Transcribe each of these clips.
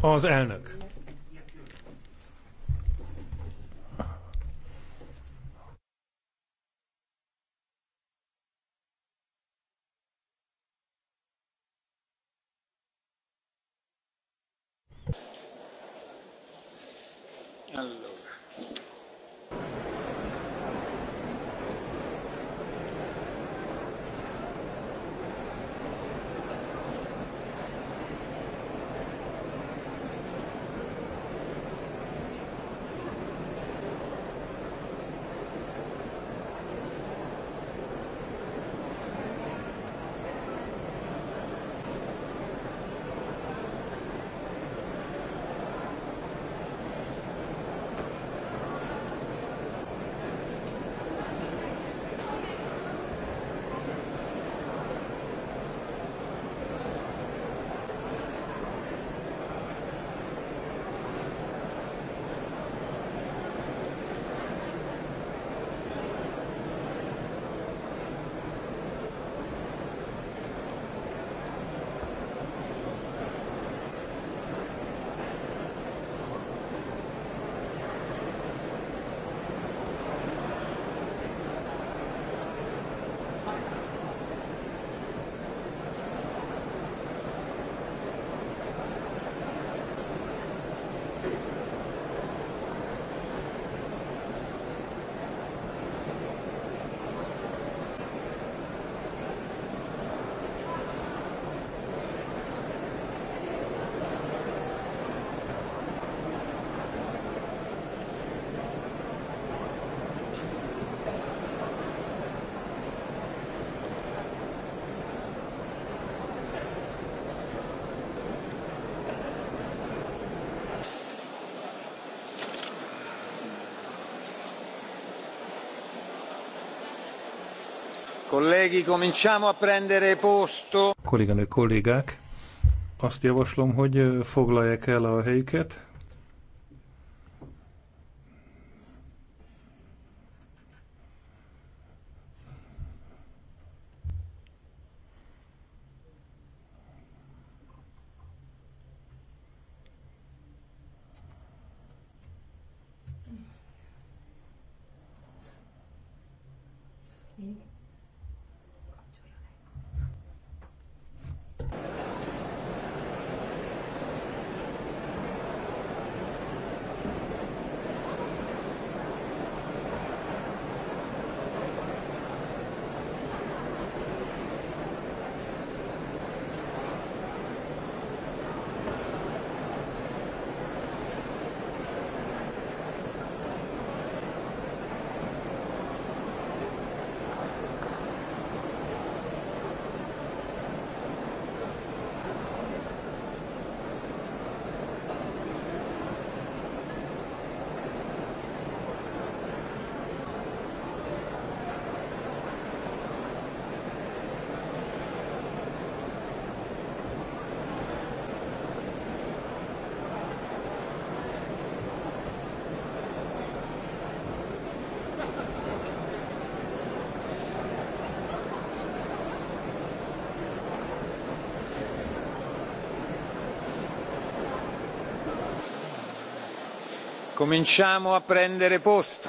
Az elnök. Colleghi, a Kolléganő kollégák, azt javaslom, hogy foglalják el a helyüket. Thank you. Cominciamo a prendere posto.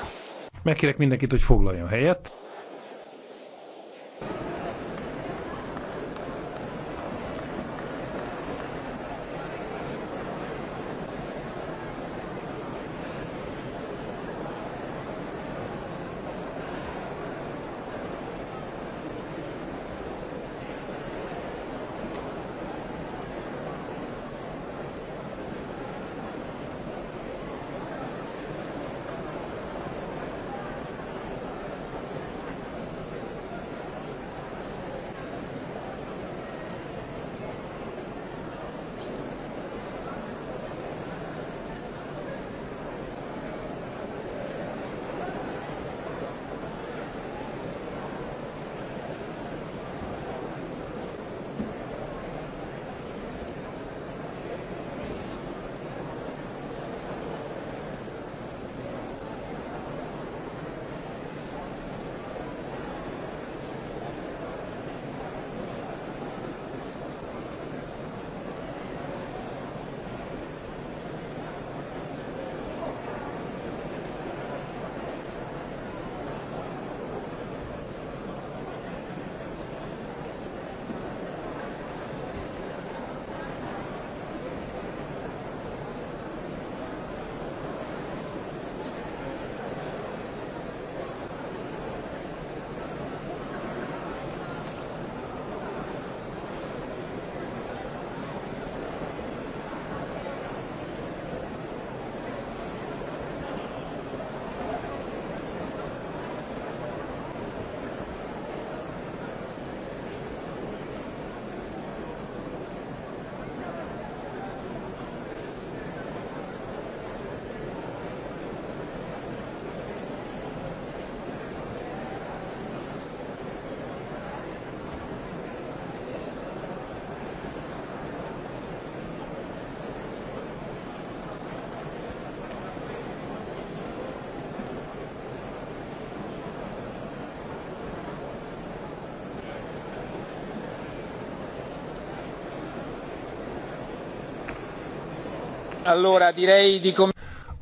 Megkérek mindenkit, hogy foglaljon helyet.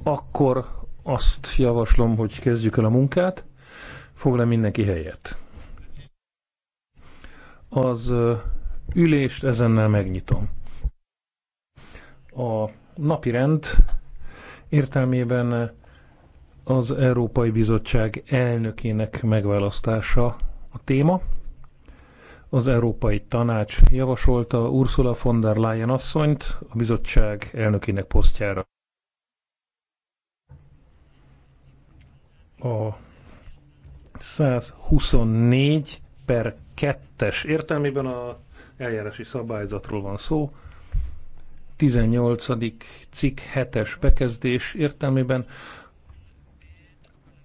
Akkor azt javaslom, hogy kezdjük el a munkát. Foglal mindenki helyet. Az ülést ezennel megnyitom. A napi rend értelmében az Európai Bizottság elnökének megválasztása a téma. Az Európai Tanács javasolta Ursula von der Leyen asszonyt a bizottság elnökének posztjára. A 124 per 2-es értelmében a eljárási szabályzatról van szó. 18. cikk 7-es bekezdés értelmében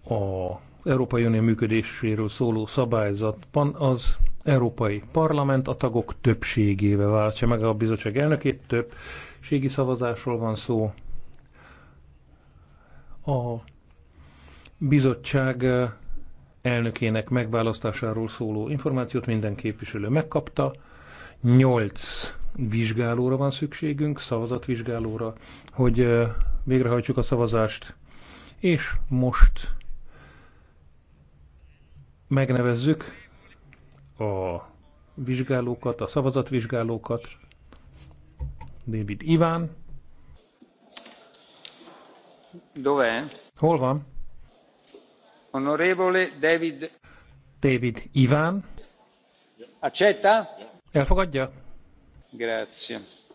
a Európai Unió működéséről szóló szabályzatban az Európai Parlament a tagok többségével váltja meg a bizottság elnökét, többségi szavazásról van szó. A bizottság elnökének megválasztásáról szóló információt minden képviselő megkapta. Nyolc vizsgálóra van szükségünk, szavazatvizsgálóra, hogy végrehajtsuk a szavazást. És most megnevezzük a vizsgálókat, a szavazatvizsgálókat. David Iván. Dove? Hol van? Honorevole David. David Iván. Accetta? Elfogadja? Grazie.